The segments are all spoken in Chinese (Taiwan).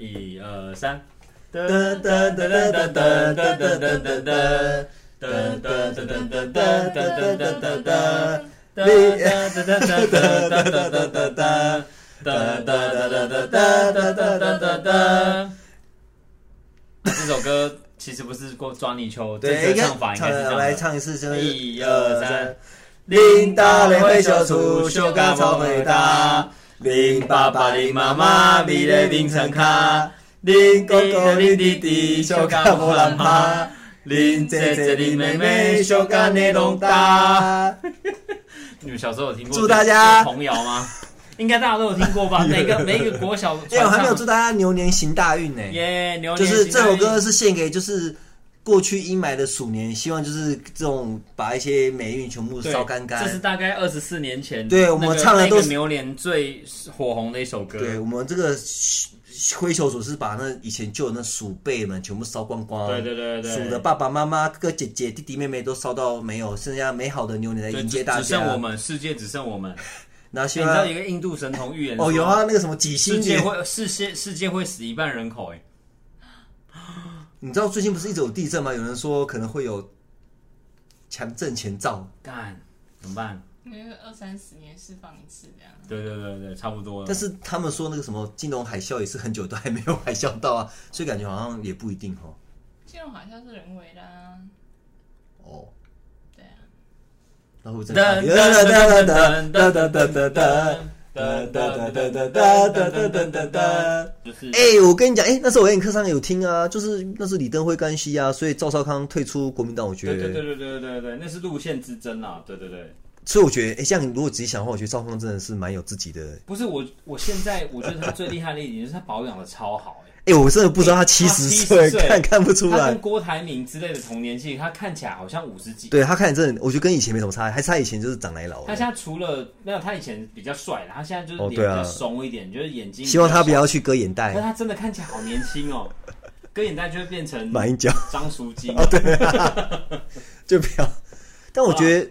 一二三，噔噔噔噔噔噔噔噔噔噔噔，噔噔噔噔噔噔噔噔噔噔噔，噠噠噠噠噠噠噠噠噠噠噠噠噠噠噠噠噠。這首歌其實不是過抓泥鰍這種唱法，應該是這樣來唱一次，一二三，林大林會繡出繡花草，會打。.恁爸爸林媽媽、恁媽媽，咪勒變成卡；恁哥哥、恁弟弟，手卡好難拍；恁姐姐、恁妹妹，手卡捏攏大。 你們小時候有聽過祝大家童謠嗎？ 應該大家都有聽過吧？ 每個 每一個國小，耶，欸、還沒有祝大家牛年行大運呢、欸。耶，yeah, 牛年就是這首歌是獻給就是。過去陰霾的鼠年，希望就是這種把一些霉運全部燒乾干，這是大概二十四年前，對我們唱的都是那牛年最火紅的一首歌。對，我們這個灰球組是把那以前舊的那鼠輩們全部燒光光。對對對對，鼠的爸爸媽媽、哥哥姐姐、弟弟妹妹都燒到沒有，剩下美好的牛年來迎接大家。只、只剩我們，世界只剩我們。 那要、欸、你知道一個印度神童預言？哦，有啊，那個什麼，幾星界會世界世界會死一半人口、欸？誒。你知道最近不是一直有地震嗎？有人說可能會有強震前兆，幹怎麼辦？因為二三十年釋放一次這樣。對對對差不多。但是他們說那個什麼金融海嘯也是很久都還沒有海嘯到啊，所以感覺好像也不一定哦。金融海嘯是人為的啊。哦，對啊。噠噠噠噠噠噠噠噠噠噠，就是哎，我跟你講，哎，那時候我在你課上有聽啊，就是那是李登輝干係啊，所以趙少康退出國民黨，我覺得對對對對對對對，那是路線之爭啊，對對對。所以我覺得，哎，像你如果仔細想的話，我覺得趙康真的是蠻有自己的。不是我，我現在我覺得他最厲害的一點就是他保養的超好。哎，我真的不知道他七十歲，看看不出來。他跟郭台銘之類的同年紀，他看起來好像五十幾。對，他看起來真的，我覺得跟以前沒什麼差，還是他以前就是長得老了。他現在除了沒有，他以前比較帥，然後現在就是臉比較鬆一點，就是眼睛。希望他不要去割眼袋。他真的看起來好年輕哦，割眼袋就會變成馬英九張淑金。對，就不要。但我覺得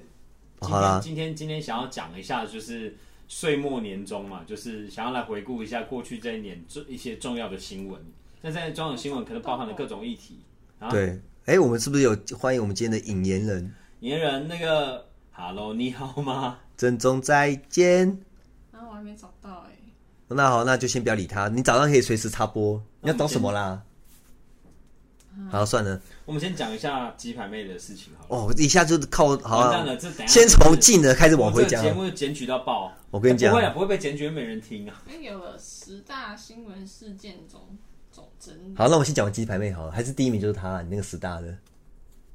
今天今天今天想要講一下就是。歲末年終嘛，就是想要來回顧一下過去這一年一些重要的新聞。那在重要新聞可能包含了各種議題，啊、對，哎，欸，我們是不是有歡迎我們今天的引言人？引言人，那個，Hello，你好嗎？珍重，再見。那，啊、我還沒找到哎，欸。那好，那就先不要理他。你早上可以隨時插播，你要找什麼啦？啊好、啊，算了。我們先講一下雞排妹的事情好。哦，一下就靠好先從近的開始往回講。節、就是、目檢舉到爆、啊。我跟你講、欸，不會啊，不會被檢舉，沒人聽啊。因為有了十大新聞事件中總好、啊，那我們先講完雞排妹好了。還是第一名就是他、啊，你那個十大的。的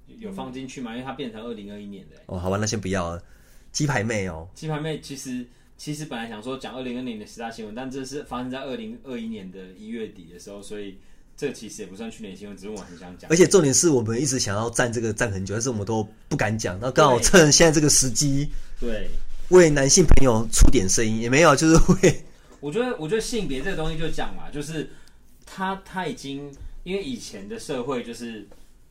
有，有放進去嗎？嗯、因為它變成二零二一年的、欸。哦，好吧，那先不要了。雞排妹哦，雞排妹其實其實本來想說講二零二零年的十大新聞，但這是發生在二零二一年的一月底的時候，所以。這個其實也不算去年新聞,只是我很想講。而且重點是我們一直想要站這個站很久，但是我們都不敢講。那剛好趁現在這個時機，對，為男性朋友出點聲音對也沒有，就是為……我覺得，我覺得性別這個東西就講嘛，就是他他已經因為以前的社會就是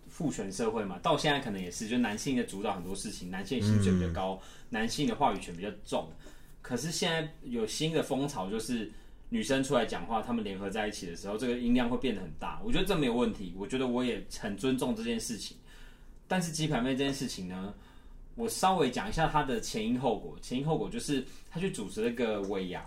父權社會嘛，到現在可能也是，就男性在主導很多事情，男性薪水比較高，嗯、男性的話語權比較重。可是現在有新的風潮，就是。女生出來講話，他們聯合在一起的時候，這個音量會變得很大。我覺得這沒有問題，我覺得我也很尊重這件事情。但是雞排妹這件事情呢，我稍微講一下它的前因後果。前因後果就是他去主持那個尾牙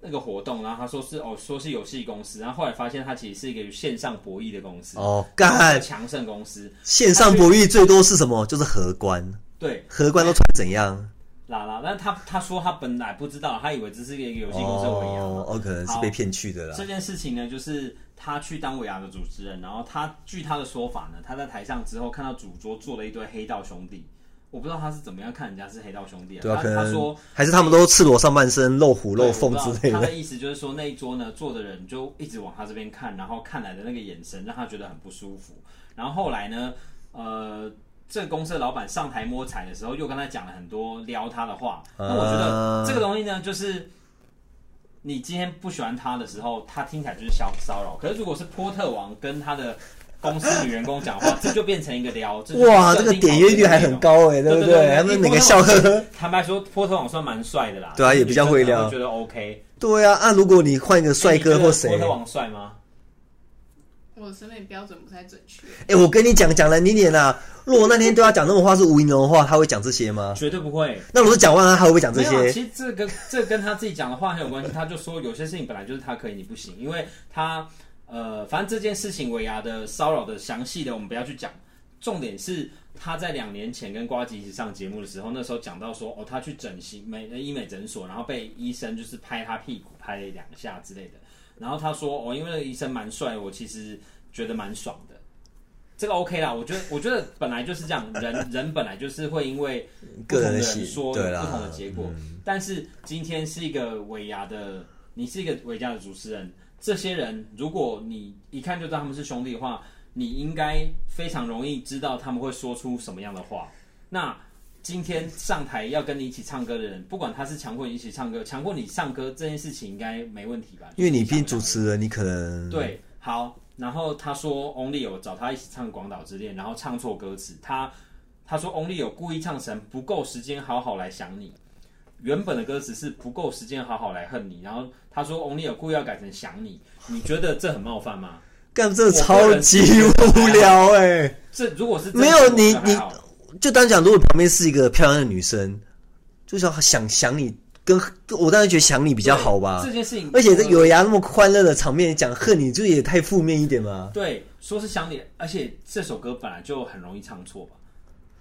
那個活動，然後他說是哦，說是遊戲公司，然後後來發現他其實是一個線上博弈的公司。哦，幹！強盛公司線上博弈最多是什麼？就是荷官。對，荷官都穿怎樣？呃啦啦，但他他說他本來不知道，他以為只是一個、一個遊戲公司而已。哦，可能是被騙去的啦。這件事情呢，就是他去當尾牙的主持人，然後他據他的說法呢，他在台上之後看到主桌坐了一堆黑道兄弟，我不知道他是怎麼樣看人家是黑道兄弟啊，他、啊、他說還是他們都赤裸上半身，露虎、露鳳之類的。他的意思就是說那一桌呢坐的人就一直往他這邊看，然後看來的那個眼神讓他覺得很不舒服。然後後來呢，呃。這個公司的老闆上台摸彩的時候，又跟他講了很多撩他的話。那我覺得這個東西呢，就是你今天不喜歡他的時候，他聽起來就是性騷擾。可是如果是波特王跟他的公司女員工講話，這就變成一個撩。 這哇，這個點擊率還很高哎、欸，對不對，對不對？他們每個笑呵呵。坦白說，波特王算蠻帥的啦。對啊，也比較會撩，我覺得 OK。對啊，那、啊、如果你換一個帥哥或誰，欸、波特王帥嗎？我的審美標準不太準確。哎、欸，我跟你講，講了你臉啊。如果那天對他講那種話是無心的話，他會講這些嗎？絕對不會。那如果是講完了，他會不會講這些、嗯？其實這跟、個、這個、跟他自己講的話很有關係。 他就說有些事情本來就是他可以，你不行。因為他呃，反正這件事情尾牙的騷擾的詳細的我們不要去講。重點是他在兩年前跟呱吉一起上節目的時候，那時候講到說哦，他去整形美醫美診所，然後被醫生就是拍他屁股拍了兩下之類的。然後他說哦，因為那個醫生蠻帥，我其實覺得蠻爽的。這個 OK 啦，我覺得，我覺得本來就是這樣，人人本來就是會因為不同的人說有不同的結果。嗯、但是今天是一個尾牙的，你是一個尾牙的主持人，這些人如果你一看就知道他們是兄弟的話，你應該非常容易知道他們會說出什麼樣的話。那今天上台要跟你一起唱歌的人，不管他是強迫你一起唱歌，強迫你唱歌這件事情應該沒問題吧？因為你畢竟是主持人，你可能對，好。然後他說翁立友找他一起唱《廣島之戀》，然後唱錯歌詞。他他說翁立友故意唱成不夠時間好好來想你，原本的歌詞是不夠時間好好來恨你。然後他說翁立友故意要改成想你，你覺得這很冒犯嗎？幹，這超級無聊哎！無聊欸、這如果是沒有你，你就當講，如果旁邊是一個漂亮的女生，就想想想你。跟我當然覺得想你比較好吧，這件事情，而且這有牙那麼歡樂的場面講恨你，就也太負面一點嘛。對，說是想你，而且這首歌本來就很容易唱錯吧，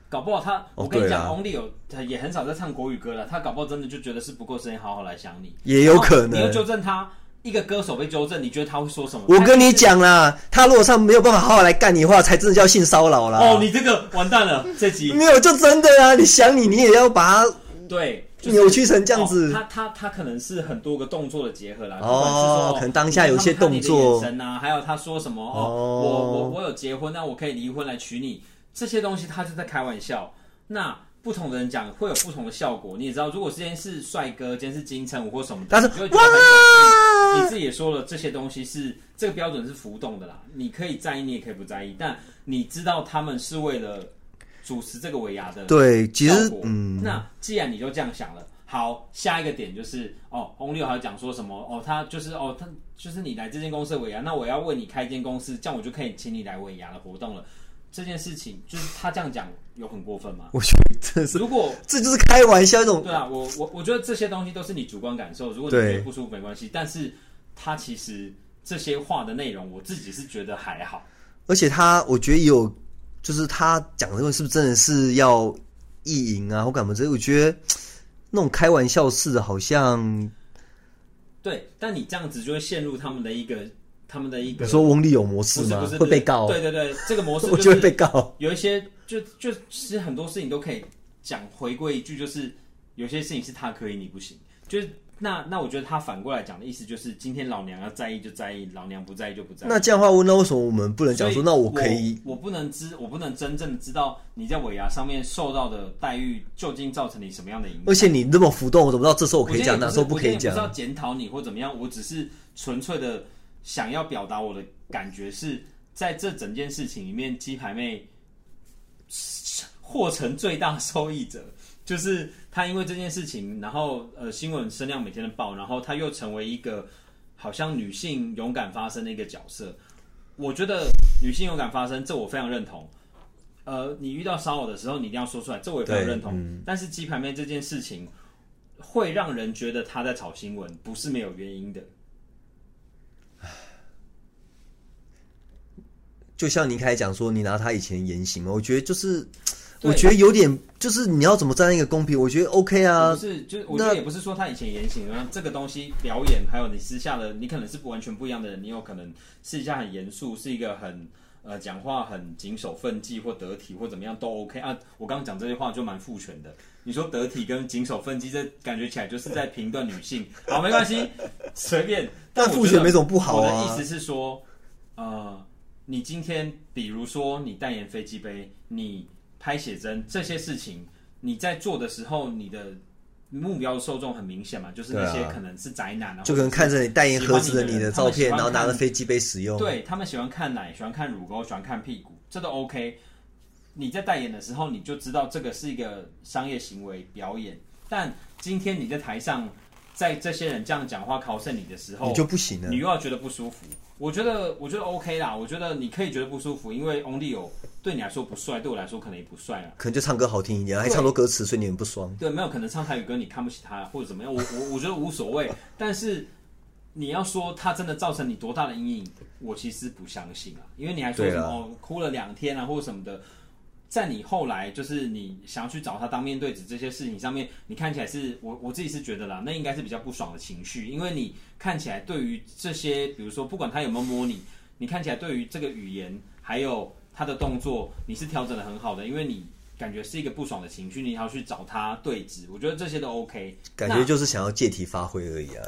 搞不好他，oh, 我跟你講翁立友也很少在唱國語歌了，他搞不好真的就覺得是不夠時間好好來想你，也有可能。你要糾正他，一個歌手被糾正，你覺得他會說什麼？我跟你講啦，太他如果唱沒有辦法好好來幹你的話，才真的叫性騷擾啦。哦，你這個完蛋了， 這集沒有就真的啊！你想你，你也要把他對。扭曲、就是、成這樣子，哦、他他他可能是很多個動作的結合啦。是說哦，可能當下有一些動作，你的眼神吶、啊，還有他說什麼？哦，哦，我我我有結婚，那我可以離婚來娶你。這些東西他就在開玩笑。那不同的人講會有不同的效果。你也知道，如果之前是帥哥，今天是金城武或什麼，但是會哇，你自己也說了，這些東西是這個標準是浮動的啦。你可以在意，你也可以不在意，但你知道他們是為了。主持這個尾牙的對，其實果、嗯、那既然你就這樣想了，好，下一個點就是哦，翁六還講說什麼哦，他就是哦，他就是你來這間公司的尾牙。那我要為你開一間公司，這樣我就可以請你來尾牙的活動了。這件事情就是他這樣講有很過分嗎？我覺得如果這就是開玩笑這種，對啊，我我我覺得這些東西都是你主觀感受，如果你覺得不舒服沒關係，對但是他其實這些話的內容，我自己是覺得還好，而且他我覺得有。就是他講的東西是不是真的是要意淫啊，或幹嘛？我覺得那種開玩笑似的，好像對。但你這樣子就會陷入他們的一個，他們的一個。比如說翁立友模式嗎？不是不是會被告？對對對，這個模式、就是、我覺得被告有一些，就就其實很多事情都可以講。回歸一句，就是有些事情是他可以，你不行，就是。那那我覺得他反過來講的意思就是，今天老娘要在意就在意，老娘不在意就不在意。那這樣的話問，那為什麼我們不能講說，所以那我可以我，我不能知，我不能真正知道你在尾牙上面受到的待遇究竟造成你什麼樣的影響？而且你那麼浮動，我怎麼知道這時候我可以講，那時候不可以講？我也不是要檢討你或怎麼樣？我只是純粹的想要表達我的感覺，是在這整件事情裡面，雞排妹獲成最大受益者，就是。他因為這件事情，然後呃，新聞聲量每天都爆，然後他又成為一個好像女性勇敢發聲的一個角色。我覺得女性勇敢發聲，這我非常認同。呃，你遇到騷擾的時候，你一定要說出來，這我也非常認同。嗯、但是雞排妹這件事情，會讓人覺得他在炒新聞，不是沒有原因的。就像你剛才講說，你拿他以前言行我覺得就是。對我覺得有點，啊、就是你要怎麼站在一個公平？我覺得 OK 啊，就是，那就我覺得也不是說他以前言行啊，這個東西表演，還有你私下的，你可能是不完全不一樣的人。你有可能私下很嚴肅，是一個很呃講話很謹守分際或得體或怎麼樣都 OK 啊。我剛剛講這些話就蠻父權的。你說得體跟謹守分際，這感覺起來就是在評斷女性。好，沒關係， 隨便，但父權沒什麼不好的意思是說，呃，你今天比如說你代言飛機杯，你。拍寫真這些事情，你在做的時候，你的目標的受眾很明顯嘛，就是那些可能是宅男啊，啊就可能看着你代言盒子的你的照片，然後拿着飛機杯使用。對他們喜歡看奶，喜歡看乳溝，喜歡看屁股，這都 OK。你在代言的時候，你就知道這個是一個商業行為表演。但今天你在台上，在這些人這樣講話拷問你的時候，你就不行了，你又要覺得不舒服。我覺得，我覺得 OK 啦，我覺得你可以覺得不舒服，因為 Only 有。對你來說不帥，對我來說可能也不帥啊。可能就唱歌好聽一點，對還唱多歌詞，所以你很不爽。對，沒有可能唱台語歌，你看不起他或者怎麼樣。我我我覺得無所謂。 但是你要說他真的造成你多大的陰影，我其實不相信啊。因為你還說什麼了哭了兩天啊，或者什麼的，在你後來就是你想要去找他當面對質這些事情上面，你看起來是，我我自己是覺得啦，那應該是比較不爽的情緒。因為你看起來對於這些，比如說不管他有沒有摸你，你看起來對於這個語言還有。他的動作你是調整的很好的，因為你感覺是一個不爽的情緒，你要去找他對質，我覺得這些都 OK。感覺就是想要借題發揮而已啊。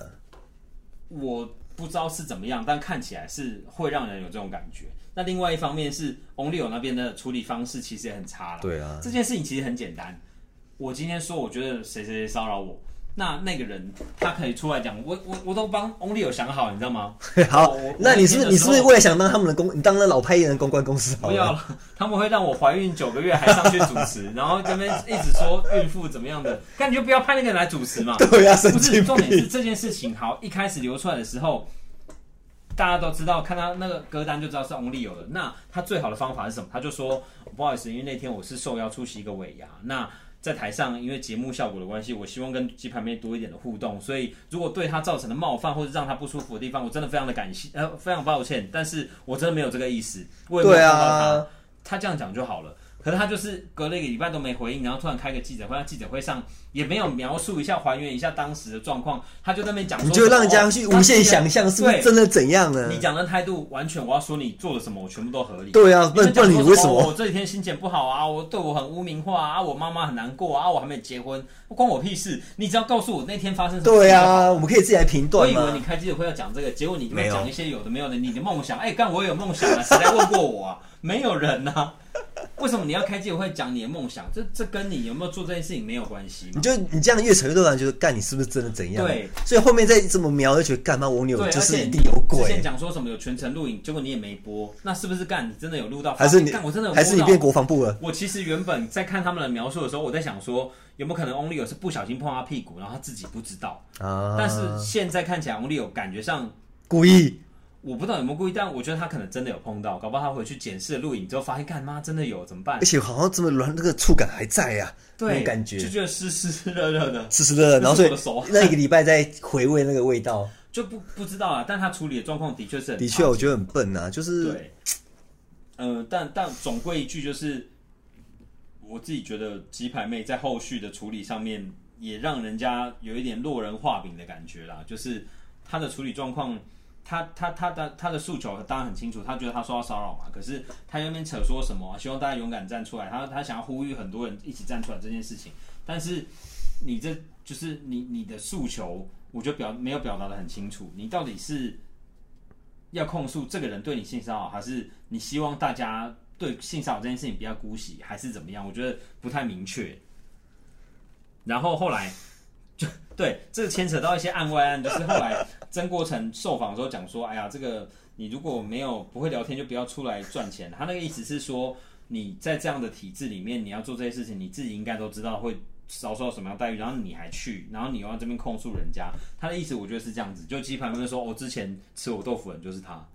我不知道是怎麼樣，但看起來是會讓人有這種感覺。那另外一方面是翁立友那邊的處理方式其實也很差了。對啊，這件事情其實很簡單。我今天說，我覺得誰誰誰騷擾我。那那個人他可以出來講，我我我都幫翁立友想好，你知道嗎？ 好，那，那你是不是你是不是為了想當他們的公，你當了老派人的公關公司好？不要了，他們會讓我懷孕九個月還上去主持， 然後這邊一直說孕婦怎麼樣的，那你就不要派那個人來主持嘛。 對呀、啊，不是重點是這件事情，好，一開始流出來的時候，大家都知道，看到那個歌單就知道是翁立友的。那他最好的方法是什麼？他就說不好意思，因為那天我是受邀出席一個尾牙，那。在台上，因為節目效果的關係，我希望跟雞排妹多一點的互動。所以，如果對他造成的冒犯或者讓他不舒服的地方，我真的非常的感謝，呃，非常抱歉，但是我真的沒有這個意思。他對啊，他這樣講就好了。可能他就是隔了一個禮拜都沒回應，然後突然開個記者會，記者會上也沒有描述一下、還原一下當時的狀況，他就在那邊講說說，你就讓人家去無限想象、哦，是不是真的怎樣呢？你講的態度完全，我要說你做了什麼，我全部都合理。對啊，問你，你為什麼、哦？我這幾天心情不好啊，我對我很污名化啊，我媽媽很難過啊，我還沒有結婚，不關我屁事！你只要告訴我那天發生什麼對啊，我們可以自己來評斷。我以為你開記者會要講這個，結果你沒有講一些有的沒有的，有你的夢想。哎，剛我有夢想啊，誰來問過我？啊？ 沒有人啊。 為什麼你要開機？我會講你的夢想，這這跟你有沒有做這件事情沒有關係。你就你這樣越扯越亂，就是幹你是不是真的怎樣？對，所以後面再這麼描，就覺得幹嘛，那翁立友就是一定有鬼。你之前講說什麼有全程錄影，結果你也沒播，那是不是幹你真的有錄到？還是你幹我真的？還是你變國防部了？我其實原本在看他們的描述的時候，我在想說有沒有可能翁立友是不小心碰他屁股，然後他自己不知道。啊！但是現在看起來翁立友感覺上故意。嗯我不知道有沒有故意，但我覺得他可能真的有碰到，搞不好他回去檢視錄影之後，發現幹媽真的有怎麼辦？而且好像這麼軟，那個觸感還在呀、啊，有對感覺，就覺得濕濕熱熱的，濕濕熱熱，然後所以 那一個禮拜在回味那個味道，就不不知道啊。但他處理的狀況的確是很的確，我覺得很笨吶、啊，就是對，呃，但但總歸一句就是，我自己覺得雞排妹在後續的處理上面也讓人家有一點落人話柄的感覺啦，就是他的處理狀況。他他他的他的訴求當然很清楚，他覺得他受到騷擾嘛，可是他在那邊扯說什麼，希望大家勇敢站出來，他他想要呼籲很多人一起站出來這件事情。但是你這就是你你的訴求，我覺得表沒有表達得很清楚。你到底是要控訴這個人對你性騷擾，還是你希望大家對性騷擾這件事情比較姑息，還是怎麼樣？我覺得不太明確。然後後來。就對，這牽、個、扯到一些案外案，就是後來曾國城受訪的時候講說，哎呀，這個你如果沒有不會聊天，就不要出來賺錢。他那個意思是說，你在這樣的體制裡面，你要做這些事情，你自己應該都知道會遭受什麼樣待遇，然後你還去，然後你又在這邊控訴人家，他的意思我覺得是這樣子。就基本上就是說，我、哦、之前吃我豆腐的人就是他。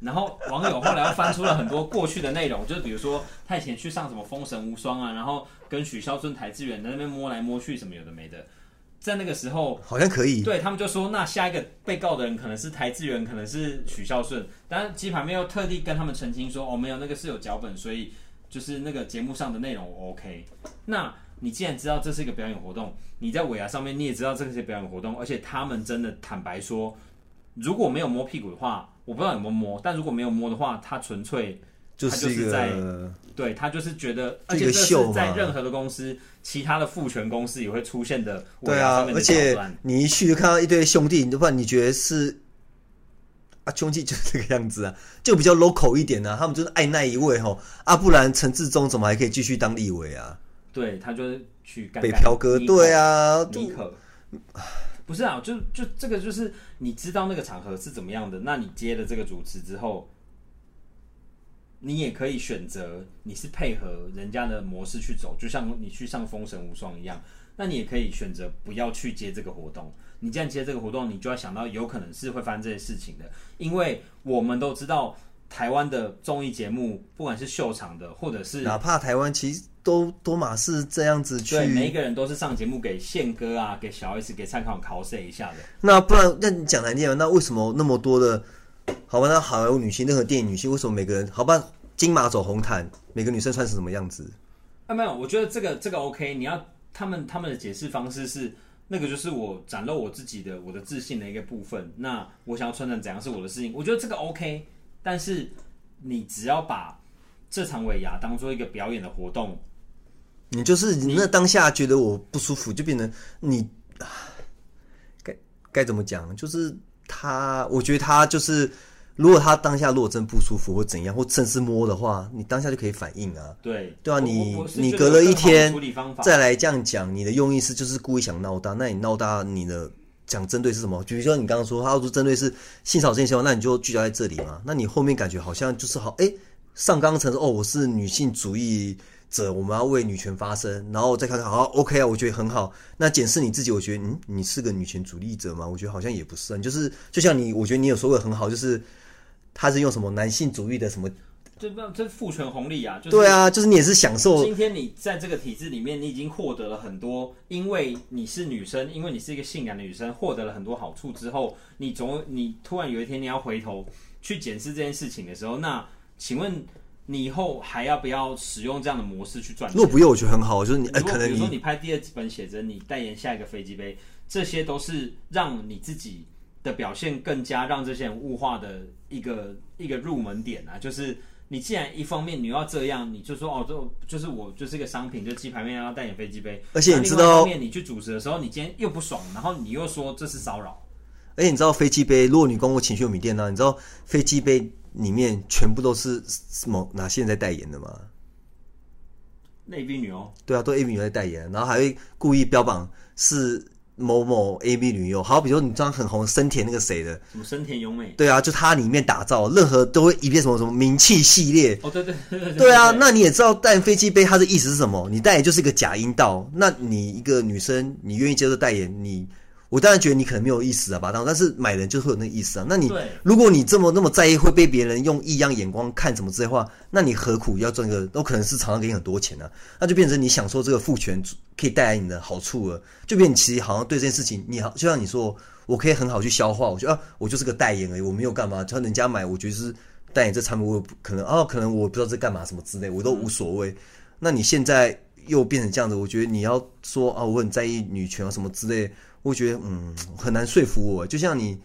然後網友後來又翻出了很多過去的內容，就是比如說他以前去上什麼《瘋神無雙》啊，然後跟許效舜、邰智源在那邊摸來摸去，什麼有的沒的。在那個時候，好像可以對他們就說，那下一個被告的人可能是邰智源，可能是許效舜。但雞排妹又特地跟他們澄清說，哦，沒有，那個是有腳本，所以就是那個節目上的內容我 OK。那你既然知道這是一個表演活動，你在尾牙上面你也知道這是表演活動，而且他們真的坦白說，如果沒有摸屁股的話。我不知道有沒有摸，但如果沒有摸的話，他純粹就是在，是對他就是覺得，這個秀這在任何的公司，其他的父權公司也會出現的，的。對啊，而且你一去就看到一堆兄弟，你不然你覺得是啊，兄弟就是這個樣子啊，就比較 local 一點呢、啊。他們就是愛那一位吼，阿、啊、不然陳志忠怎麼還可以繼續當立委啊？對，他就是去北漂哥，對啊，立就不是啊，就就這個就是你知道那個場合是怎麼樣的，那你接了這個主持之後，你也可以選擇你是配合人家的模式去走，就像你去上《風神無雙》一樣，那你也可以選擇不要去接這個活動。你既然接這個活動，你就要想到有可能是會發生這些事情的，因為我們都知道。台灣的綜藝節目，不管是秀場的，或者是哪怕台灣其實都都嘛是這樣子去，對，每一個人都是上節目給憲哥啊，給小 S，給蔡康永 cue 一下的。那不然，那你講台電嘛？那為什麼那麼多的？好吧，那好萊塢女星、任何電影女星，為什麼每個人？好吧，金馬走紅毯，每個女生穿成什麼樣子？啊，沒有，我覺得這個這個 OK。你要他們他們的解釋方式是那個，就是我展露我自己的我的自信的一個部分。那我想要穿成怎樣是我的事情。我覺得這個 OK。但是你只要把這場尾牙當做一個表演的活動，你就是那當下覺得我不舒服，就變成你、啊、該該怎麼講？就是他，我覺得他就是，如果他當下如果真不舒服或怎樣，或甚至摸的話，你當下就可以反應啊。對對啊，你你隔了一天再來這樣講，你的用意是就是故意想鬧大？那你鬧大你的。講針對是什麼？比如說你剛剛說他要針對是性少數現象，那你就聚焦在這裡嘛。那你後面感覺好像就是好，哎，上綱層說哦，我是女性主義者，我們要為女權發聲。然後再看看好，哦，OK 啊，我覺得很好。那檢視你自己，我覺得嗯，你是個女權主義者嗎？我覺得好像也不是啊，就是就像你，我覺得你有說的很好，就是他是用什麼男性主義的什麼。就這父權紅利啊，就是對啊，就是你也是享受。今天你在這個體制裡面，你已經獲得了很多，因為你是女生，因為你是一個性感的女生，獲得了很多好處之後，你總你突然有一天你要回頭去檢視這件事情的時候，那請問你以後還要不要使用這樣的模式去賺錢？如果不用，我覺得很好。就是你哎，可能比如說你拍第二本寫真，你代言下一個飛機杯，這些都是讓你自己的表現更加讓這些人物化的一個一個入門點啊，就是。你既然一方面你要這樣，你就說哦，就就是我就是一個商品，就雞排妹要代言飛機杯。而且你知道，面，你去主持的時候，你今天又不爽，然後你又說這是騷擾。哎、欸，你知道飛機杯，如果你光顧情趣用品店呢？你知道飛機杯裡面全部都是什麼哪些人在代言的嗎？AV 女哦。對啊，都 AV 女在代言，然後還會故意標榜是。某某 AV 女優，好，比如說你裝很紅，森田那個誰的？什麼森田優美？對啊，就他裡面打造，任何都會一片什麼什麼名氣系列。哦對對對，對對對。對啊，對對對，那你也知道，代言飛機杯它的意思是什麼？你代言也就是一個假陰道。那你一個女生，你願意接受代言？你？我當然覺得你可能沒有意思啊，把但但是買人就會有那個意思啊。那你對如果你這麼那麼在意會被別人用異樣眼光看什麼之類的話，那你何苦要賺個都可能是廠商給你很多錢呢？啊？那就變成你享受這個父權可以帶來你的好處了，就變成其實好像對這件事情，你好就像你說，我可以很好去消化。我覺得、啊、我就是個代言而已，我沒有幹嘛，就像人家買，我覺得是代言這產品，我有可能啊，可能我不知道在幹嘛什麼之類，我都無所謂。嗯、那你現在又變成這樣子，我覺得你要說啊，我很在意女權啊什麼之類。我覺得嗯很難說服我，就像你。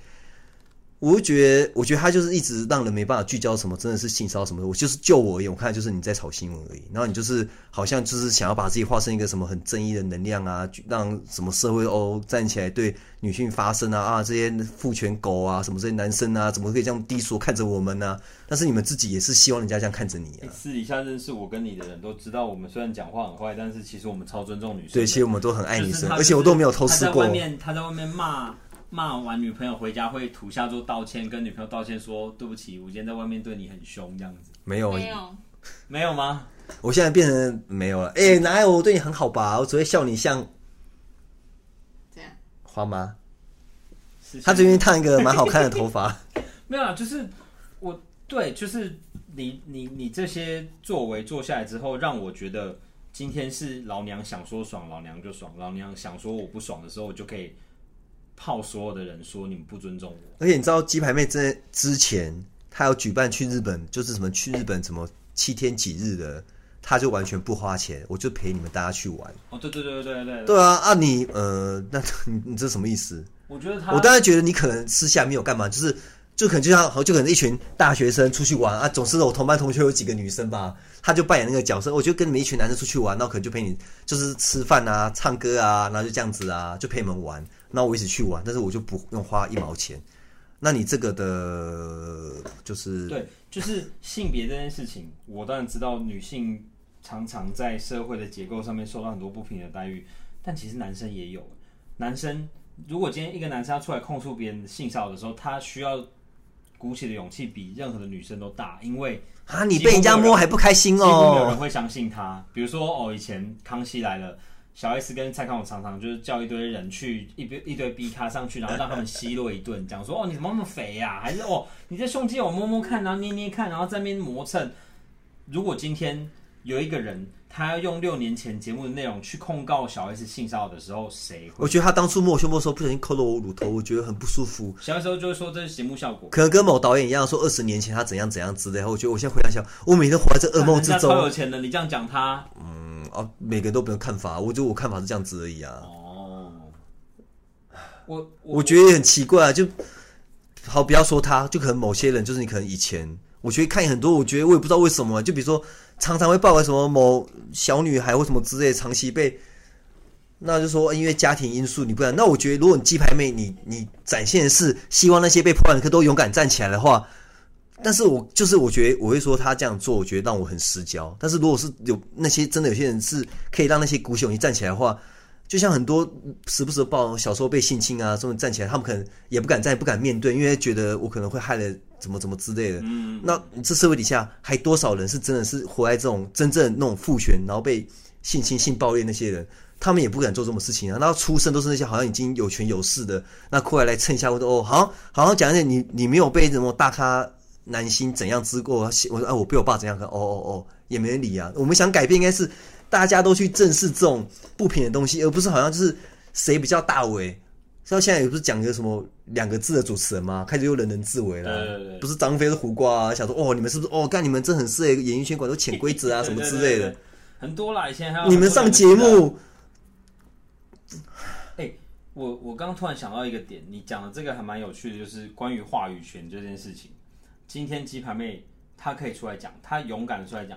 我就覺得，我覺得他就是一直讓人沒辦法聚焦什麼，真的是性騷什麼的。我就是就我而言，我看就是你在炒新聞而已。然後你就是好像就是想要把自己化身一個什麼很正義的能量啊，讓什麼社會哦站起來對女性發聲啊啊這些父權狗啊，什麼這些男生啊，怎麼可以這樣低俗看着我們呢？啊？但是你們自己也是希望人家這樣看着你啊。私底下認識我跟你的人都知道，我們雖然講話很壞，但是其實我們超尊重女生。對，其實我們都很愛女生，就是、而且我都沒有偷吃過他。他在外面罵。罵完女朋友回家會吐下桌道歉，跟女朋友道歉說：“對不起，我今天在外面對你很凶。”這樣子沒有沒有沒有嗎？我現在變成沒有了。哎，哪有，我對你很好吧？我只會笑你像這樣花媽，這樣他最近燙一個蠻好看的頭髮。 沒有啊，就是我對，就是你你你這些作為做下來之後，讓我覺得今天是老娘想說爽，老娘就爽；老娘想說我不爽的時候，我就可以。泡所有的人說你們不尊重我，而且你知道雞排妹在之前她要舉辦去日本，就是什麼去日本什麼七天幾日的，她就完全不花錢，我就陪你們大家去玩。哦，對對對對對對，對，對啊。啊啊，你呃，那你，你這什麼意思？我覺得她。我當然覺得你可能私下沒有幹嘛，就是就可能就像就可能一群大學生出去玩啊，總是我同班同學有幾個女生吧，她就扮演那個角色，我就跟你們一群男生出去玩，然後可能就陪你就是吃飯啊、唱歌啊，然後就這樣子啊，就陪你們玩。那我一起去玩，但是我就不用花一毛錢。那你這個的，就是對，就是性別這件事情，我當然知道女性常常在社會的結構上面受到很多不平的待遇，但其實男生也有。男生如果今天一個男生要出來控訴別人性騷擾的時候，他需要鼓起的勇氣比任何的女生都大，因為啊，你被人家摸人還不開心哦，沒有人會相信他。比如說哦，以前康熙來了。S 小 S 跟蔡康永常常就是叫一堆人去一堆一堆 B 咖上去，然後讓他們奚落一頓，講說，哦，你怎麼那麼肥呀，啊？還是哦，你這胸肌我摸摸看，然後捏捏看，然後在那邊磨蹭。如果今天，有一個人，他要用六年前節目的內容去控告小 S 性騷擾的時候，誰？我覺得他當初摸我胸部的時候不小心扣了我乳頭，我覺得很不舒服。小時候就會說這是節目效果，可能跟某導演一樣說二十年前他怎樣怎樣之類的。我覺得我現在回想一下，我每天活在這噩夢之中。啊、超有錢的，你這樣講他，嗯哦、啊，每個人都不用看法，我就我看法是這樣子而已啊。哦，我我，我覺得也很奇怪、啊，就好不要說他，就可能某些人就是你可能以前。我覺得看很多，我覺得我也不知道為什麼，就比如說常常會抱個什麼某小女孩或什麼之類，長期被，那就說因為家庭因素你不然，那我覺得如果你雞排妹你，你你展現的是希望那些被破冷客都勇敢站起來的話，但是我就是我覺得我會說他這樣做，我覺得讓我很失焦。但是如果是有那些真的有些人是可以讓那些鼓起勇氣站起來的話。就像很多時不時報小時候被性侵啊，這種站起來，他們可能也不敢站，不敢面對，因為覺得我可能會害了怎麼怎麼之類的。嗯，那這社會底下還多少人是真的是活在這種真正那種父權，然後被性侵、性暴力那些人，他們也不敢做這種事情啊。那出生都是那些好像已經有權有勢的，那過來來蹭一下，我說哦，好好好，講一點，你你沒有被什麼大咖男星怎樣知過？我說啊，我被我爸怎樣了？哦哦哦，也沒人理啊。我們想改變，應該是。大家都去正視這種不平的東西，而不是好像就是誰比較大尾。到現在也不是講個什麼兩個字的主持人嗎？開始又人人自危了，對對對，不是張飛是胡瓜，啊，想說哦，你們是不是哦？幹，你們這很是哎，啊，演藝圈管都潛規則啊什麼之類的，對對對對，很多啦。以前還，啊，你們上節目，哎，欸，我我剛突然想到一個點，你講的這個還蠻有趣的，就是關於話語權這件事情。今天雞排妹她可以出來講，她勇敢的出來講。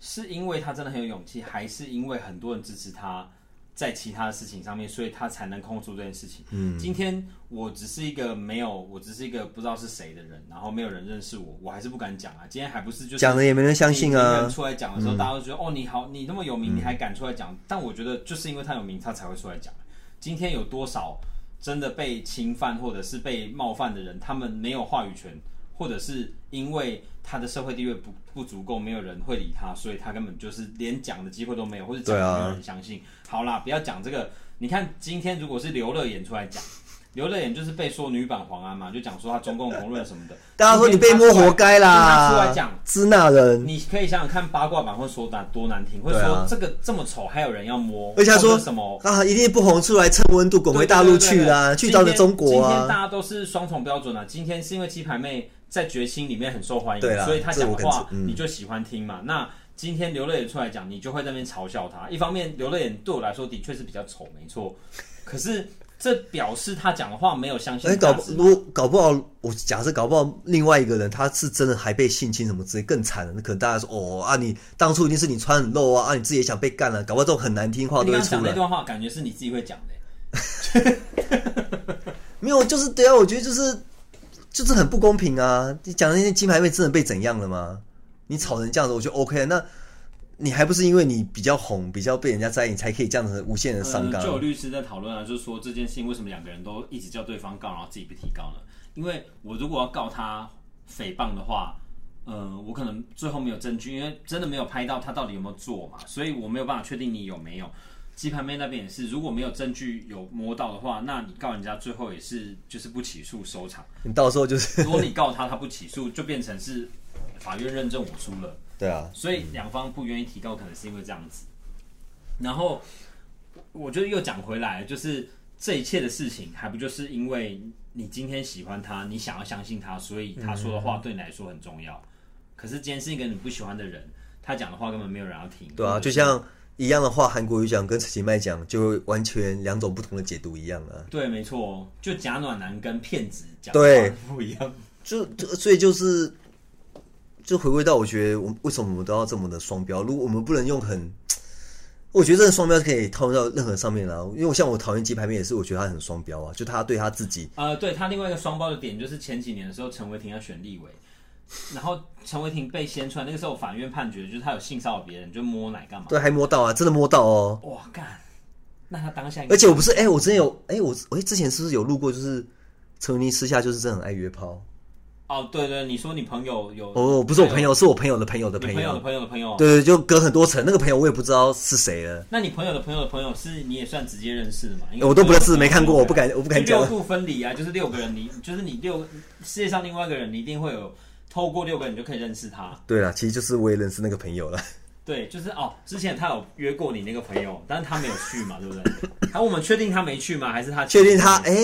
是因為他真的很有勇氣，還是因為很多人支持他，在其他的事情上面，所以他才能控訴這件事情？嗯，今天我只是一個沒有，我只是一個不知道是誰的人，然後沒有人認識我，我還是不敢講啊。今天還不是，就是，就講了也沒人相信啊。出來講的時候，大家都覺得哦，你好，你那麼有名，你還敢出來講？嗯，但我覺得，就是因為他有名，他才會出來講。今天有多少真的被侵犯或者是被冒犯的人，他們沒有話語權。或者是因為他的社會地位不不足夠，沒有人會理他，所以他根本就是連講的機會都沒有，或者講沒有人相信。啊、好啦，不要講這個。你看今天如果是劉樂妍出來講，劉樂妍就是被說女版黃安嘛，就講說他中共紅論什麼的、呃，大家說你被摸活該啦。出來講支啦那人，你可以想想看八卦版會說的多難聽，會說這個這麼醜還有人要摸，而且、啊、說什麼啊，一定不紅出來蹭溫度，滾回大陸去啦、啊，去到了中國啊今。今天大家都是雙重標準啊。今天是因為雞排妹。在決心裡面很受歡迎，啦所以他講話、嗯、你就喜歡聽嘛。那今天翁立友出來講，你就會在那邊嘲笑他。一方面，翁立友對我來說的確是比較醜，沒錯。可是這表示他講的話沒有相信。哎、欸，搞如果搞不好，我假設搞不好，另外一個人他是真的還被性侵什麼之類，更慘。那可能大家說，哦啊你，你當初一定是你穿很露啊，啊，你自己也想被幹了、啊。搞不好這種很難聽話都會出來。你講那段話，感覺是你自己會講的、欸。 沒有，就是對啊，我覺得就是。就是很不公平啊！你講的那些雞排妹真的被怎樣了嗎？你吵成這樣子，我就 OK 了。那你還不是因為你比較紅，比較被人家在意，才可以這樣子無限的上綱、嗯？就有律師在討論啊，就是說這件事情為什麼兩個人都一直叫對方告，然後自己不提告呢？因為我如果要告他誹謗的話，嗯，我可能最後沒有證據，因為真的沒有拍到他到底有沒有做嘛，所以我沒有辦法確定你有沒有。雞排妹那邊也是，如果沒有證據有摸到的話，那你告人家最後也是就是不起訴收場。你到時候就是，如果你告他，他不起訴，就變成是法院認證我輸了。對啊，所以兩方不願意提告，可能是因為這樣子。嗯、然後我覺得又講回來，就是這一切的事情，還不就是因為你今天喜歡他，你想要相信他，所以他說的話對你來說很重要。嗯、可是今天是一個你不喜歡的人，他講的話根本沒有人要聽。對啊，以就像。一樣的話，韓國瑜講跟陳其邁講就完全兩種不同的解讀一樣啊。對，沒錯，就假暖男跟騙子講話不一樣。就這，所以就是，就回歸到我覺得，我為什麼我們都要這麼的雙標？如果我們不能用很，我覺得這雙標可以套用到任何上面了，啊。因為我像我討厭雞排妹，也是我覺得他很雙標啊。就他對他自己，啊、呃，對他另外一個雙標的點，就是前幾年的時候，陳為廷要選立委。然後陳為廷被掀出來，那個時候法院判決就是他有性騷擾別人，就摸奶幹嘛？對，還摸到啊，真的摸到哦。哇幹，那他當下應該，而且我不是哎、欸，我真的有哎、欸，我我之前是不是有錄過？就是陳為廷私下就是真的很愛約炮。哦，對對，你說你朋友有哦，不是我朋友，朋友是我朋友的朋友的朋友的朋友的朋友的朋友，對對，就隔很多層，那個朋友我也不知道是誰了。那你朋友的朋友的朋友是你也算直接認識的嗎？因為的的我，我，哦、我都不認識，沒看過，我不敢，我不敢。六度分離啊，就是六個人，你就是你六，世界上另外一個人，你一定會有。透過六個人你就可以認識他。對了，其實就是我也認識那個朋友了。對，就是哦，之前他有約過你那個朋友，但是他沒有去嘛， 對不對？哎，我們確定他沒去嗎？還是他確定他？哎，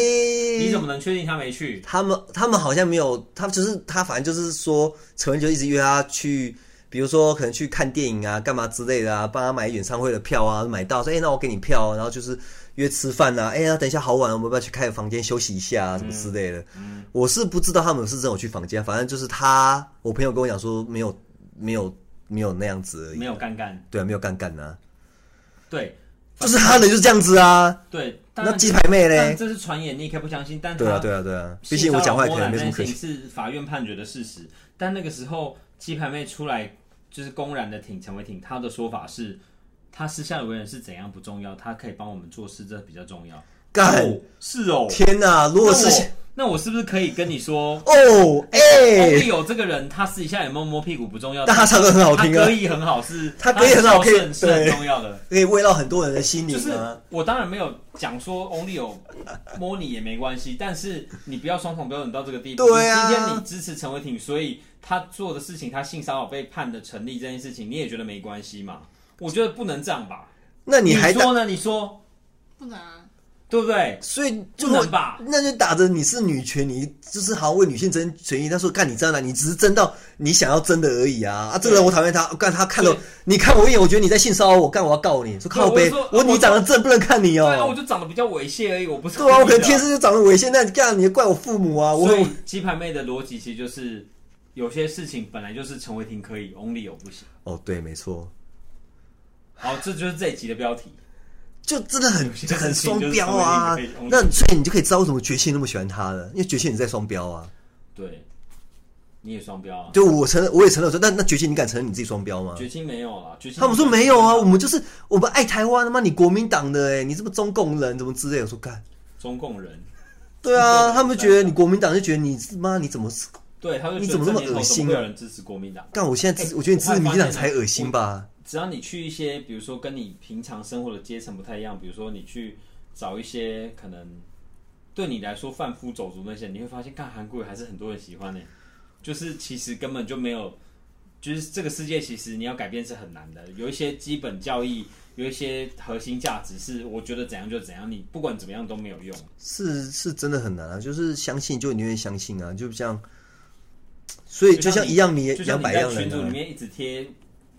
你怎麼能確定他沒去？他們他們好像沒有，他就是他反正就是說，陳文杰一直約他去，比如說可能去看電影啊、幹嘛之類的啊，幫他買演唱會的票啊，買到所以、欸、那我給你票、啊，然後就是。約吃飯吶、啊，哎、欸、呀，等一下好晚了，啊，我們要不要去開個房間休息一下啊，嗯、什麼之類的？嗯、我是不知道他們有是真有去房間，反正就是他，我朋友跟我講說沒有，沒有，沒有那樣子而已，沒有尷尬，對啊，沒有尷尬啊。對，就是他，的，就是這樣子啊，對。那雞排妹嘞？這是傳言，你可以不相信，但對啊，對啊，對啊，畢竟我講話可能沒什麼可信，是法院判決的事實，嗯、但那個時候雞排妹出來就是公然的挺陳為廷，她的說法是。他私下的為人是怎樣不重要，他可以幫我們做事，這比較重要。幹幹、哦、是哦，天哪！如果是那我，那我是不是可以跟你說哦？哎、欸、，翁立友、oh、這個人他私底下有沒有摸屁股不重要，但他唱歌很好聽啊，他歌藝很好是，是他歌很好以對是很重要的，可以慰勞很多人的心裡、啊。就是我當然沒有講說翁立友、oh, 摸你也沒關係，但是你不要雙重標準到這個地步。對啊，今天你支持陳為廷，所以他做的事情，他性騷擾被判的成立這件事情，你也覺得沒關係嘛？我覺得不能這樣吧？那你還你說呢？你說不能，對不對？所以就，能吧？那就打着你是女權，你就是好，好為女性爭權益。但說幹你這樣的，你只是爭到你想要爭的而已啊！啊，這個人我討厭他，幹對他看到對你看我一眼，我覺得你在性騷擾我，幹我要告你。說靠北，我你、呃、長得真不能看你哦、喔。對啊，我就長得比較猥褻而已，我不是、啊。對啊，我可能天生就長得猥褻，那幹你，你也怪我父母啊？所以雞排妹的邏輯其實就是有些事情本來就是陳為廷可以，翁立友不行。哦，對，沒錯。好，這就是這一集的標題，就真的很很雙標啊！那所以你就可以知道為什麼決心那麼喜歡他了，因為決心你在雙標啊。對，你也雙標啊？對我承我也承認說，那那決心你敢承認你自己雙標嗎？決心沒有啊。他們說沒有啊，我們就是我們愛台灣的嘛，你國民黨的哎，你是不是中共人怎麼之類？我說幹中共人，對啊，他們覺得你國民黨就覺得你是媽你怎麼是？對，他就你怎麼那麼惡心？沒有人支持國民黨，但我現在支我覺得你支持民進黨才惡心吧。只要你去一些，比如說，跟你平常生活的階層不太一樣，比如說你去找一些可能對你來說販夫走卒那些，你會發現，看韓國還是很多人喜歡呢。就是其實根本就沒有，就是這個世界其實你要改變是很難的。有一些基本教義，有一些核心價值是我覺得怎樣就怎樣，你不管怎麼樣都沒有用。是是真的很難啊，就是相信就寧願相信啊，就像，所以就像一樣，就像你兩百擺樣的群組裡面一直貼，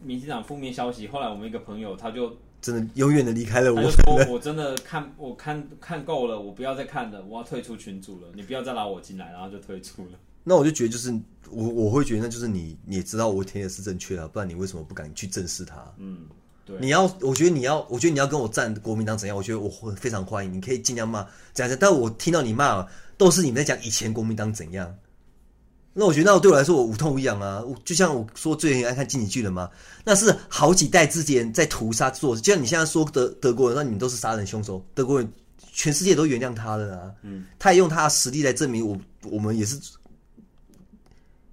民進黨負面消息，後來我們一個朋友他就真的永遠的離開了我。我我真的看我看看夠了，我不要再看了，我要退出群組了。你不要再拉我進來，然後就退出了。那我就覺得就是我我會覺得那就是你，你也知道我填的是正確的啊，不然你為什麼不敢去正視他？嗯，對。你要我覺得你要我覺得你要跟我站國民黨怎樣？我覺得我非常歡迎，你可以儘量罵講講，但我聽到你罵都是你在講以前國民黨怎樣。那我覺得，那對我來說，我無痛無癢啊。我就像我說，最愛看進擊巨人嘛。那是好幾代之間在屠殺做，就像你現在說德德國人，那你們都是殺人凶手。德國人，全世界都原諒他了啊。嗯、他也用他的實力來證明我，我我們也是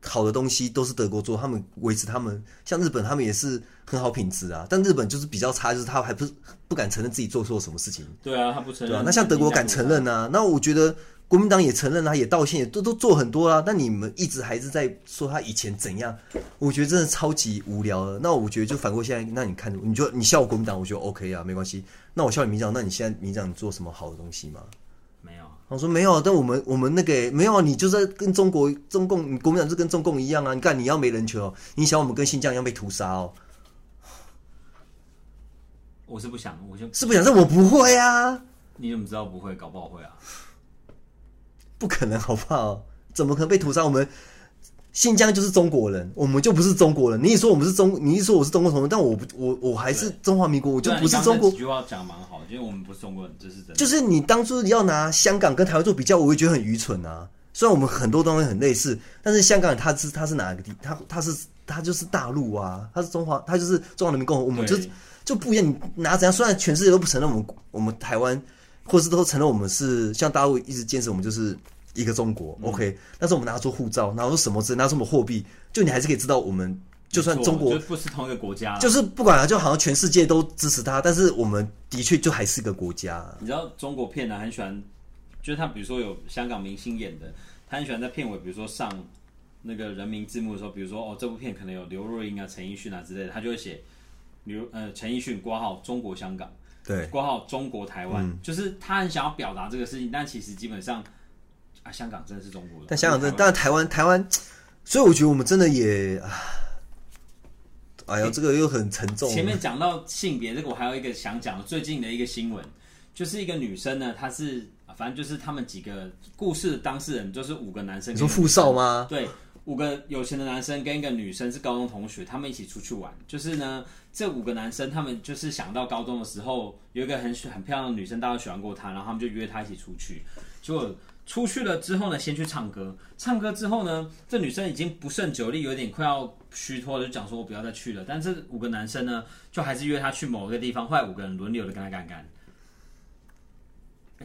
好的東西都是德國做，他們維持他們。像日本，他們也是很好品質啊，但日本就是比較差，就是他還不是不敢承認自己做錯什麼事情。對啊，他不承認。對啊、那像德國敢承認呢、啊？那我覺得。國民黨也承認他、啊、也道歉也，也都都做很多啦、啊。那你們一直還是在說他以前怎樣？我覺得真的超級無聊了。那我覺得就反過，現在那你看，你就你笑我國民黨，我覺得 OK 啊，沒關係。那我笑你民黨、啊、那你現在民黨、啊、做什麼好的東西嗎？沒有。我說沒有，但我們我們那個沒有，你就在跟中國中共你國民黨是跟中共一樣啊。你看你要沒人權哦，你想我們跟新疆一樣被屠殺哦。我是不想，我就是不想，但我不會啊。你怎麼知道不會？搞不好會啊。不可能好不好？怎麼可能被屠殺？我們新疆就是中國人，我們就不是中國人。你一說我們是中，你一說我是中國同胞，但我不，我我還是中華民國，對我就不是中國。這句話講蠻好，因為我們不是中國人，這是真。就是你當初要拿香港跟台灣做比較，我會覺得很愚蠢啊。雖然我們很多東西很類似，但是香港它是它是哪一個地？它它是它就是大陸啊，它是中華，它就是中華人民共和國，我們就對就不一樣。你拿怎樣？雖然全世界都不承認我們，我們台灣，或是都承認我們是像大陸一直堅持，我們就是一個中國，嗯，OK，但是我們拿出護照，拿出什麼證，拿出什麼貨幣，就你還是可以知道我們，沒錯，就算中國不是同一個國家，就是不管啊，就好像全世界都支持他，但是我們的確就還是一個國家啊。你知道中國片呢，很喜歡，就是他比如說有香港明星演的，他很喜歡在片尾，比如說上那個人名字幕的時候，比如說哦，這部片可能有劉若英啊、陳奕迅啊之類的，他就會寫劉呃陳奕迅，括號中國香港，對，括號中國台灣，嗯，就是他很想要表達這個事情，但其實基本上。啊，香港真的是中國人，但香港真的。但台灣，台灣，所以我覺得我們真的也啊，哎呀，這個又很沉重。前面講到性別這個，我還有一個想講的，最近的一個新聞，就是一個女生呢，她是反正就是他們幾個故事的當事人，就是五個男生跟一個女生，你說富少嗎？對，五個有錢的男生跟一個女生是高中同學，他們一起出去玩，就是呢，這五個男生他們就是想到高中的時候有一個很很漂亮的女生，大家都喜歡過他，然後他們就約他一起出去，結果。出去了之後呢，先去唱歌，唱歌之後呢，這女生已經不勝酒力，有點快要虛脫了，就講說我不要再去了。但是這五個男生呢，就還是約她去某一個地方，後來五個人輪流的跟她乾乾。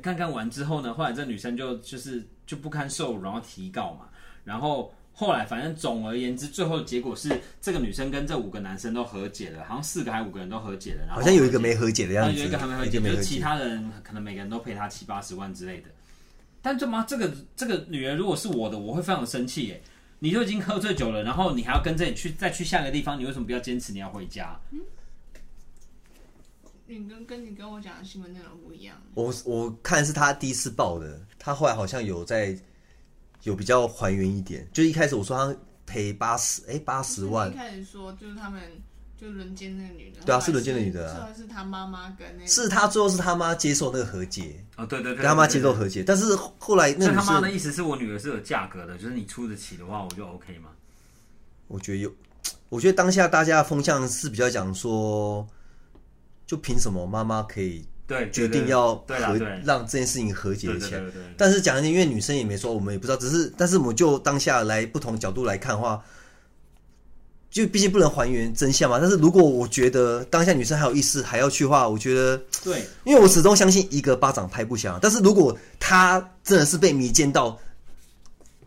乾乾完之後呢，後來這女生就就是就不堪受辱，然後提告嘛。然後後來反正總而言之，最後結果是這個女生跟這五個男生都和解了，好像四個還五個人都和解了。然後和解好像有一個沒和解的樣子。有一個還沒和解，有沒和解就其他人可能每個人都賠他七八十萬之類的。但這媽這個這個女人如果是我的，我會非常生氣耶！你就已經喝醉酒了，然後你還要跟着你去再去下個地方，你為什麼不要堅持？你要回家？嗯，你跟跟你跟我講的新聞內容不一樣。我我看是他第一次報的，他後來好像有在有比較還原一點。就一開始我說他賠八十，哎，八十萬。一開始說就是他們。就輪姦那個女的，對啊，是輪姦的女的啊。是她媽媽跟那，是她最後是她媽接受那個和解啊，哦，對對對，她媽接受和解。對對對，但是後來那個是她媽的意思，是我女兒是有價格的，就是你出得起的話，我就 OK 嗎？我覺得有，我覺得當下大家風向是比較講說，就憑什麼媽媽可以對對對，決定要和對對對對，讓這件事情和解的錢？但是講一點，因為女生也沒說，我們也不知道，只是但是我們就當下來不同角度來看的話。就畢竟不能還原真相嘛，但是如果我覺得當下女生還有意思還要去的話，我覺得對，因為我始終相信一個巴掌拍不響。但是如果她真的是被迷奸到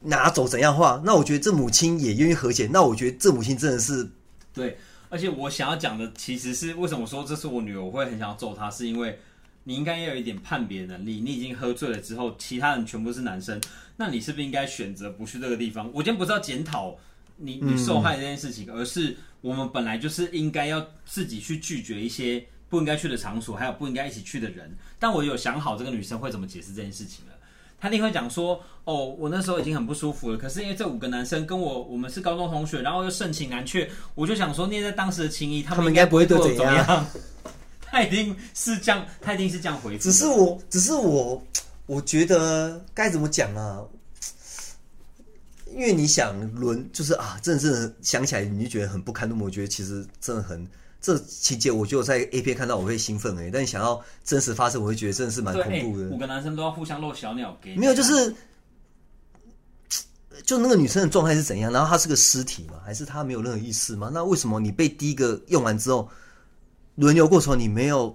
拿走怎樣的話，那我覺得這母親也願意和解，那我覺得這母親真的是對。而且我想要講的其實是為什麼我說這是我女兒，我會很想要揍她，是因為你應該要有一點判別能力。你已經喝醉了之後，其他人全部是男生，那你是不是應該選擇不去這個地方？我今天不是要檢討。你你受害的這件事情，嗯、而是我們本來就是應該要自己去拒絕一些不應該去的場所，還有不應該一起去的人。但我有想好這個女生會怎麼解釋這件事情了。她一定會講說：“哦，我那時候已經很不舒服了，可是因為這五個男生跟我，我們是高中同學，然後又盛情難卻，我就想說念在當時的情誼，他們應該不會對我怎麼樣。”她一定是這樣，她一定是這樣回復。只是我，只是我，我覺得該怎麼講啊？因為你想輪就是啊，真的是想起來你就覺得很不堪。那我覺得其實真的很這個、情節，我就在、AP、A 片看到我會興奮哎、欸，嗯、但你想要真實發生，我會覺得真的是蠻恐怖的。五個、欸、男生都要互相露小鳥，給。沒有就是就那個女生的狀態是怎樣？然後她是個屍體嗎？還是她沒有任何意識嗎？那為什麼你被第一個用完之後輪流過程你沒有？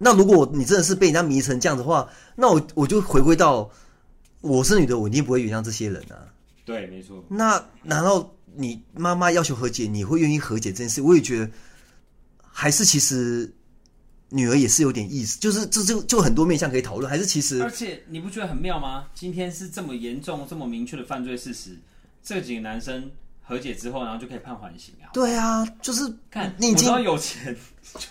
那如果我你真的是被人家迷成這樣的話，那我我就回歸到。我是女的，我一定不會原諒這些人啊！對，沒錯。那難道你媽媽要求和解，你會願意和解這件事？我也覺得，還是其實女兒也是有點意思，就是這就就很多面向可以討論。還是其實，而且你不覺得很妙嗎？今天是這麼嚴重、這麼明確的犯罪事實，這幾個男生和解之後，然後就可以判緩刑啊？對啊，就是看幹你只要有錢。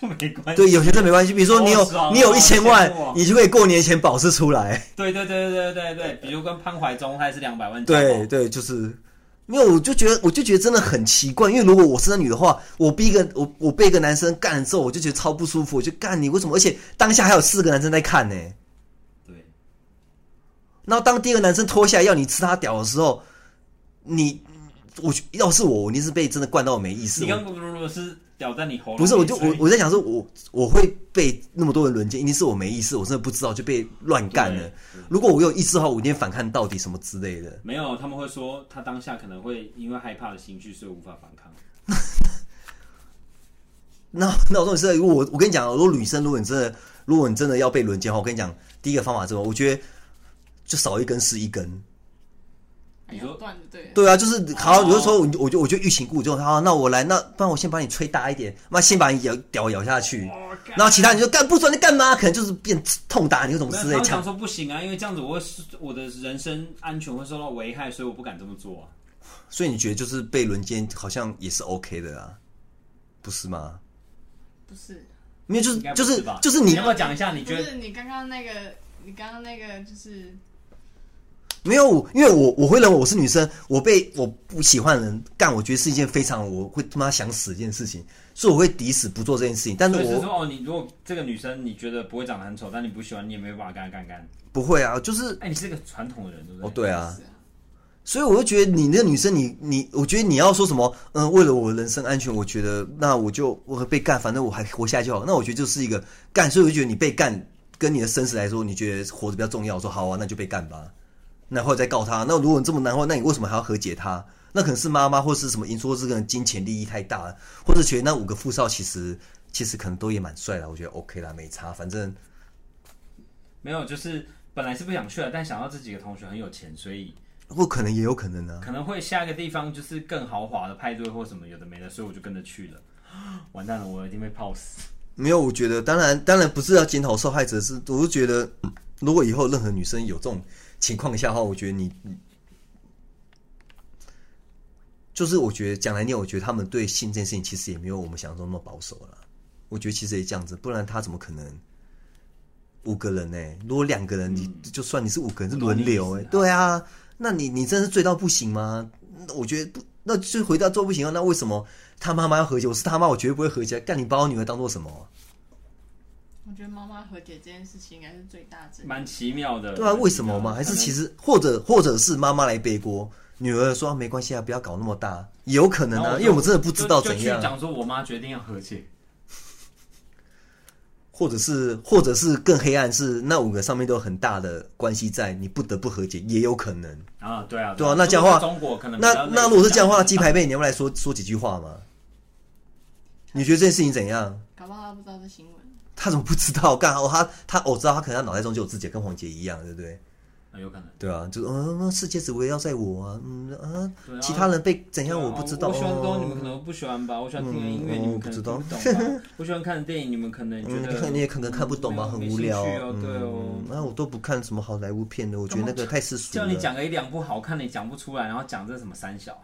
就沒關係。對，有些事沒關係。比如說你有、哦、你有一千萬，你就可以過年前保釋出來。對對對對對對對。比如跟潘懷宗，他也是兩百萬。對對，就是。沒有，我就覺得，我就覺得真的很奇怪。因為如果我是那女的話，我逼一個我我被一個男生幹了之後，我就覺得超不舒服。我就幹你，為什麼？而且當下還有四個男生在看呢、欸。對。然後當第一個男生脫下來要你吃他屌的時候，你我要是我，你是被真的灌到我沒意思。你剛剛如果是。吊在你喉嚨？不是，我就我我在想是我我會被那麼多人輪姦，一定是我沒意識，我真的不知道就被亂幹了。如果我有意識的話，我一定反抗到底什麼之類的。沒有，他們會說他當下可能會因為害怕的情緒，所以無法反抗。那那、 no, no, 我說實在，如果我我跟你講，如果女生，如果你真的，如果你真的要被輪姦的話，我跟你講，第一個方法就是，我覺得就少一根是一根。比如、哎、斷的對對啊，就是好。Oh. 有的時候，我就我就，我就欲擒故縱，他說，那我來，那不然我先把你吹大一點，那先把你咬屌，咬下去。Oh, God. 然後其他人就幹不說，你幹嘛？可能就是變痛打你這種思維。我想說不行啊，因為這樣子我會我的人身安全會受到危害，所以我不敢這麼做啊。所以你覺得就是被輪姦好像也是 OK 的啊，不是嗎？不是，因為就是，是就是就是你，要不要講一下？你覺得就是你剛剛那個，你剛剛那個就是。沒有，因為我我會認為我是女生，我被我不喜歡的人幹，我覺得是一件非常我會他媽想死一件事情，所以我會抵死不做這件事情。但是我，我就是說，哦，你如果這個女生你覺得不會長得很醜，但你不喜歡，你也沒辦法幹干干。幹不會啊，就是哎，你是一個傳統的人對不對？哦，對啊，啊所以我就覺得你那個女生，你你，我覺得你要說什麼，嗯，為了我人身安全，我覺得那我就我會被幹，反正我還活下去就好。那我覺得就是一個幹，所以我就覺得你被幹跟你的生死來說，你覺得活着比較重要。我說好啊，那就被幹吧。那後來再告他，那如果你這麼難過，那你為什麼還要和解他？那可能是媽媽，或是什麼？因說這個人金錢利益太大，或者覺得那五個富少其實其實可能都也蠻帥的，我覺得 OK 啦，沒差。反正沒有，就是本來是不想去了，但想到這幾個同學很有錢，所以不可能也有可能呢、啊，可能會下一個地方就是更豪華的派對或什麼有的沒的，所以我就跟着去了。完蛋了，我一定被泡死。沒有，我覺得當然當然不是要檢討受害者，是我是覺得、嗯、如果以後任何女生有這種。情況下的話，我覺得你，就是我覺得將來你，我覺得他們對性這件事情其實也沒有我們想象中那麼保守了啦。我覺得其實也這樣子，不然他怎麼可能五個人呢、欸？如果兩個人，你就算你是五個人、嗯、是輪流哎、欸，對啊，那你你真的是醉到不行嗎？我覺得不，那就回到做不行、啊、那為什麼他媽媽要和解？我是他媽，我絕對不會和解。幹，你把我女兒當做什麼？我覺得媽媽和解這件事情應該是最大值，蠻奇妙的。對啊，為什麼嘛？可能 還是其實，或者，或者是媽媽來背鍋，女兒說、啊、沒關係啊，不要搞那麼大，也有可能啊，因為我真的不知道怎樣講。講說我媽決定要和解， 或者是，或者是更黑暗，是那五個上面都有很大的關係在，你不得不和解，也有可能啊。對啊，對啊，那這樣的話，中國可能那那如果是這樣的話，雞排妹，你要不要來說說幾句話嗎？是你覺得這件事情怎樣？搞不好他不知道這行為他怎麼不知道？幹哈？我他他我知道，他可能他腦袋中就有自己跟黃杰一樣，對不對？有可能。對啊，就嗯，世界只圍繞在我啊，嗯啊。其他人被怎樣我不知道。我喜歡的東西你們可能不喜歡吧？我喜歡聽的音樂你們不知道。我喜歡看的電影你們可能覺得那個你也可能看不懂吧，很無聊。對哦。那我都不看什麼好萊塢片的，我覺得那個太世俗。叫你講個一兩部好看的，你講不出來，然後講這什麼三小？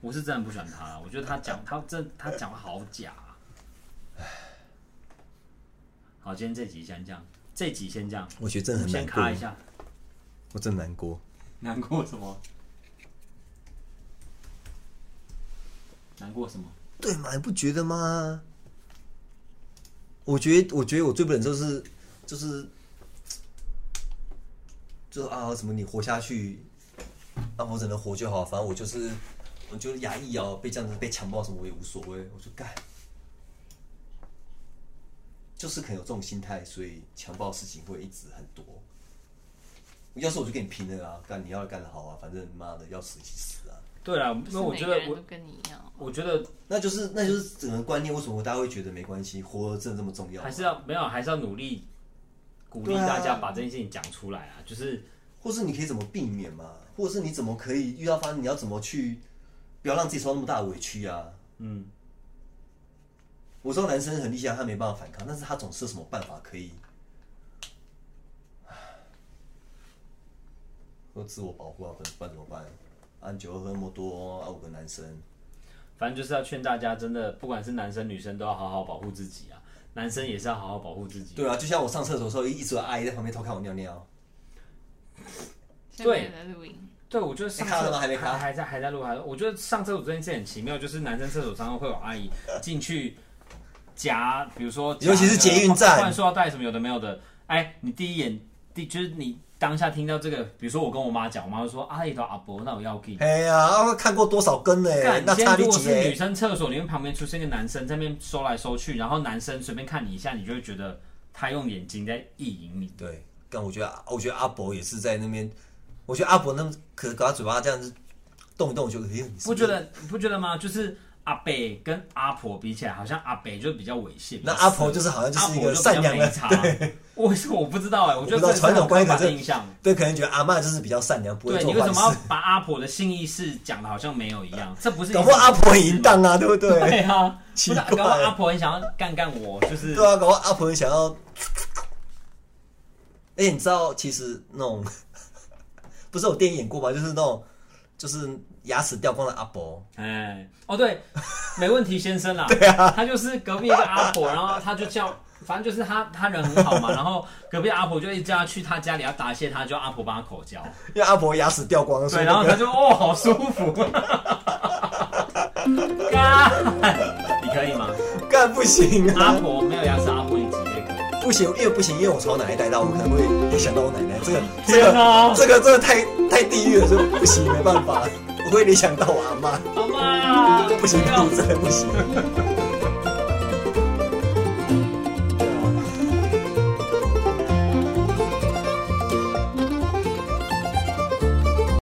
我是真的不喜歡他，我覺得他講他真他講的好假。好，今天這集先這樣，這集先這樣。我覺得真很難過。卡一下，我真難過。難過什麼？ 難過什麼？對嘛？你不覺得嗎？我覺得，我覺得我最不忍就是，就是，就是就啊，什麼你活下去，那我只能活就好。反正我就是，我就是壓抑哦，被這樣子被強暴什麼我也無所謂，我就幹。就是可能有這種心態，所以強暴事情會一直很多。要是我就跟你拼了啊！幹你要幹得好啊！反正你媽的要死幾次啊！對啊啦，那我覺得我跟你一樣，我覺得那就是那就是整個觀念，為什麼大家會覺得沒關係？活得真的這麼重要？還是要沒有？還是要努力鼓勵大家把這件事情講出來啊！啊就是，或是你可以怎麼避免嘛？或者是你怎麼可以遇到發生？你要怎麼去不要讓自己受那麼大的委屈啊？嗯。我知道男生很厲害，他沒辦法反抗，但是他總是什麼辦法可以做自我保護啊？怎麼怎麼辦？喝、啊、酒喝那麼多，啊，五個男生，反正就是要勸大家，真的，不管是男生女生都要好好保護自己啊！男生也是要好好保護自己。對啊，就像我上廁所的時候，一直有阿姨在旁邊偷看我尿尿。下面 對，對，我覺得上廁所還，沒還，還在還在還在錄。我覺得上廁所這件事很奇妙，就是男生廁所上會有阿姨進去。 夾，比如說，尤其是捷運站，突然說要帶什麼有的沒有的。哎，你第一眼，第就是你當下聽到這個，比如說我跟我媽講，我媽就說：“阿、啊、一頭阿伯，那我要你哎呀，看過多少根呢？啊、那差就幾眼。女生廁所裡面嘿旁邊出現一個男生，在那邊收來收去，然後男生隨便看你一下，你就會覺得他用眼睛在意淫你。對，但我覺得，我覺得阿伯也是在那邊，我覺得阿伯那麼可搞他嘴巴這樣子動一動就，就哎，你、這個、不覺得？不覺得嗎？就是。阿伯跟阿婆比起來，好像阿伯就比較猥褻，那阿婆就是好像就是一個善良的。茶對，為什麼我不知道哎？我覺得傳統觀念影響，對，可能覺得阿嬤就是比較善良，不會做壞事對。你為什麼要把阿婆的性意識講得好像沒有一樣？啊、這不是,是搞不好阿婆淫蕩啊，對不對？對啊，不是搞不好阿婆很想要幹幹我，就是對啊，搞不好阿婆很想要。哎，你知道其實那種 不是有電影演過嗎？就是那種。就是牙齒掉光的阿婆，哎，哦對，沒問題先生啦。 對啊，他就是隔壁一個阿婆，然後他就叫，反正就是他他人很好嘛， 然後隔壁阿婆就一直去他家裡要答謝他，就阿婆幫他口交，因為阿婆牙齒掉光所對，然後他就 哦，好舒服。幹 幹， 你可以嗎？幹不行，啊，阿婆沒有牙齒阿婆。不行，因為不行，因為我從奶奶帶大，我可能會聯想到我奶奶，這個，這個，天啊、這個，真的太 太地獄了，所以不行，沒辦法，我會聯想到我阿媽，阿媽，不行，真的不行。不要